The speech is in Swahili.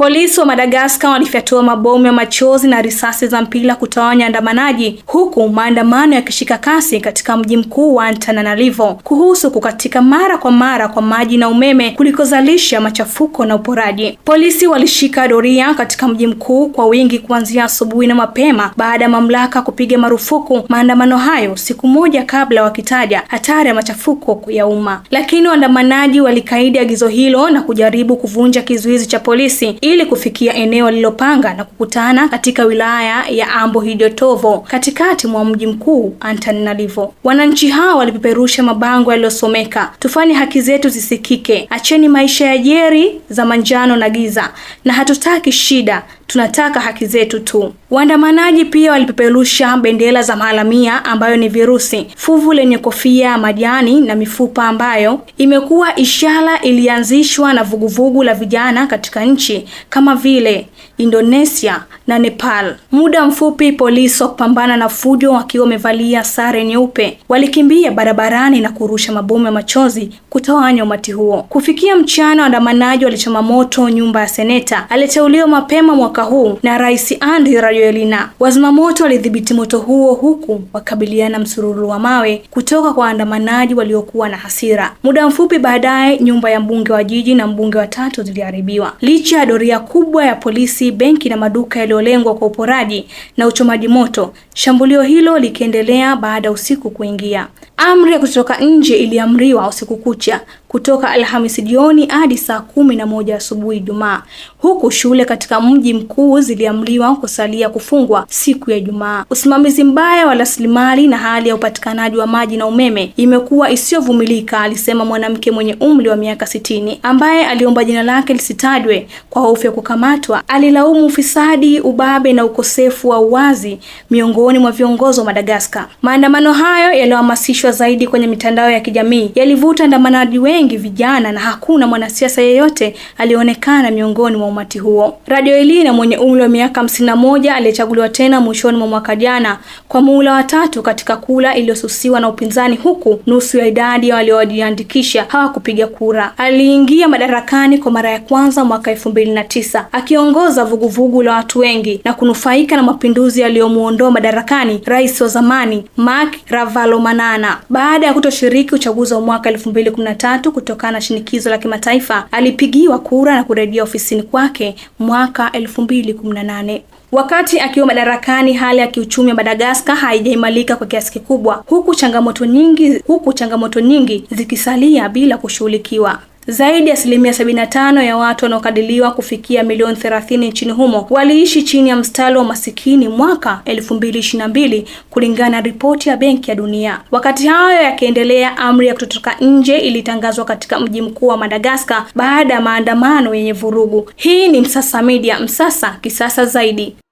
Polisi wa Madagaskar walifyatua mabomu ya machozi na risasi za mpira kutawanya andamanaji, huku maandamano yakishika kasi katika mji mkuu wa Antananarivo kuhusu kukatika mara kwa mara kwa maji na umeme kulikozalisha machafuko na uporaji. Polisi walishika doria katika mji mkuu kwa wingi kuanzia asubuhi na mapema baada ya mamlaka kupiga marufuku maandamano hayo siku moja kabla, wakitaja hatari ya machafuko ya umma, lakini waandamanaji walikaidi agizo hilo na kujaribu kuvunja kizuizi cha polisi ili kufikia eneo lilopanga na kukutana katika wilaya ya Ambo Hidyotovo katikati mwa mji mkuu Antananarivo. Wananchi hao walipeperusha mabango yaliyosomeka tufanye haki zetu zisikike, acheni maisha ya jeri za manjano na giza, na hatutaki shida tunataka haki zetu tu. Waandamanaji pia walipeperusha bendera za maalamia ambayo ni virusi, fuvu lenye kofia majani na mifupa ambayo imekuwa ishara ilianzishwa na vuguvugu la vijana katika nchi kama vile Indonesia na Nepal. Muda mfupi polisi wa kupambana na fujo wakiwa wamevalia sare nyeupe walikimbia barabarani na kurusha mabomu ya machozi kutawanya umati huo. Kufikia mchana, waandamanaji walichoma moto nyumba ya seneta aliyeteuliwa mapema mwaka huu na Rais Andry Rajoelina. Wazimamoto walidhibiti moto huo huku wakabiliana msururu wa mawe kutoka kwa waandamanaji waliokuwa na hasira. Muda mfupi baadaye, nyumba ya mbunge wa jiji na mbunge watatu ziliharibiwa licha ya doria kubwa ya polisi benki na maduka yaliyolengwa kwa uporaji na uchomaji moto, shambulio hilo likiendelea baada ya usiku kuingia. Amri ya kutotoka nje iliamriwa usiku kucha kutoka Alhamisi jioni hadi saa kumi na moja asubuhi Ijumaa, huku shule katika mji mkuu ziliamriwa kusalia kufungwa siku ya Ijumaa. Usimamizi mbaya wa rasilimali na hali ya upatikanaji wa maji na umeme imekuwa isiyovumilika, alisema mwanamke mwenye umri wa miaka sitini ambaye aliomba jina lake lisitajwe kwa hofu ya kukamatwa. Alilaumu ufisadi, ubabe na ukosefu wa uwazi miongoni mwa viongozi wa Madagaskar. Maandamano hayo yaliyohamasishwa kuchapishwa zaidi kwenye mitandao ya kijamii yalivuta andamanaji wengi vijana, na hakuna mwanasiasa yeyote alionekana miongoni mwa umati huo. Radio Elina mwenye umri wa miaka hamsini moja aliyechaguliwa tena mwishoni mwa mwaka jana kwa muhula wa tatu katika kula iliyosusiwa na upinzani, huku nusu ya idadi waliojiandikisha hawakupiga kura. Aliingia madarakani kwa mara ya kwanza mwaka elfu tisa akiongoza vuguvugu la watu wengi na kunufaika na mapinduzi yaliyomuondoa madarakani rais wa zamani Mark Ravalomanana baada ya kutoshiriki uchaguzi wa mwaka 2013 kutokana na shinikizo la kimataifa. Alipigiwa kura na kurejea ofisini kwake mwaka 2018. Wakati akiwa madarakani, hali ya kiuchumi ya Madagaskar haijaimalika kwa kiasi kikubwa, huku changamoto nyingi huku changamoto nyingi zikisalia bila kushughulikiwa. Zaidi ya asilimia 75 ya watu wanaokadiriwa kufikia milioni 30 nchini humo waliishi chini ya mstari wa masikini mwaka 2022 kulingana na ripoti ya Benki ya Dunia. Wakati hayo yakiendelea, amri ya kutotoka nje ilitangazwa katika mji mkuu wa Madagaskar baada ya maandamano yenye vurugu. Hii ni Msasa Media, Msasa kisasa zaidi.